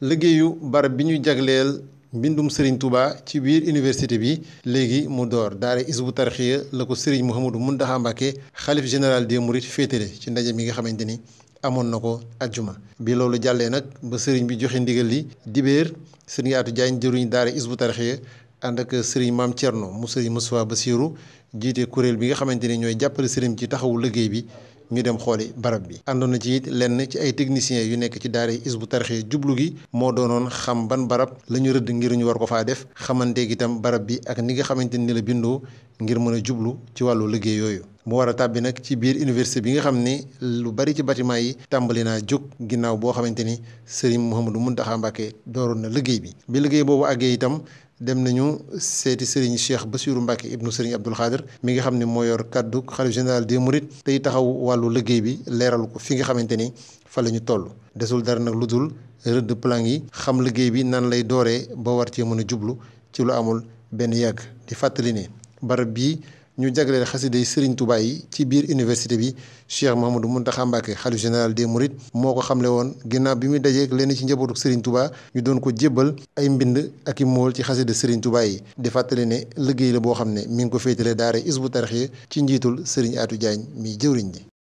liggéeyu barab bi ñu jagleel mbindum Serigne Touba ci biir université bi léegi mu door daara isbu tarxiya la ko Serigne Mouhamadou Mountakha Mbacké xalif général des Mourides féetale ci ndaje mi nga xamante ni amoon na ko ajjuma bi loolu jàllee nag ba Serigne bi joxe ndigal li dibéer Serigne Atou Diagne jëruñ daara isbu tarxiya ànd ak Serigne Maam Thierno mu Serigne ba siiru jiite kuréel bi nga xamante ni ñooy jàppale Serigne ci taxawu liggéey bi. ñu dem xooli barab bi àndoon na ci it lenn ci ay techniciens yu nekk ci daara bu tarixee jublu gi moo doonoon xam ban barab la ñu rëdd ngir ñu war ko faa def xamanteeg itam barab bi ak ni nga xamante ni la bindoo ngir mën a jublu ci wàllu liggéey yooyu mu war a tàbbi nag ci biir université bi nga xam ni lu bari ci bâtiment yi tàmbali naa jóg ginnaaw boo xamante ni Serigne mun Mountakha Mbacké dooroon na liggéey bi bi liggéey boobu àggee itam dem nañu seeti Serigne Cheikh Bassirou Mbacke ibnu Serigne Abdoul Khadir mi nga xam ni moo yor kaddu xalif général des Mourides tey taxaw wàllu liggéey bi leeral ko fi nga xamante ni fa la ñu toll desul dara nag lu dul rëdd plan yi xam liggéey bi nan lay dooree ba war cee mën a jublu ci lu amul benn yàgg di fàttali ne barab bii ñu jagleel xasiday Serigne Touba yi ci biir université bi Cheikh Mouhamadou Mountakha Mbacké xalifa général des murit moo ko xamle woon ginnaaw bi muy dajeek lenn ci njabootu Serigne Touba ñu doon ko jébbal ay mbind ak i mool ci xasida Serigne Touba yi di fàttali ne liggéey la boo xam ne mi ngi ko féetale daara Hizbut Tarqiyyah ci njiitul Serigne atu Diagne mi jëwriñ ji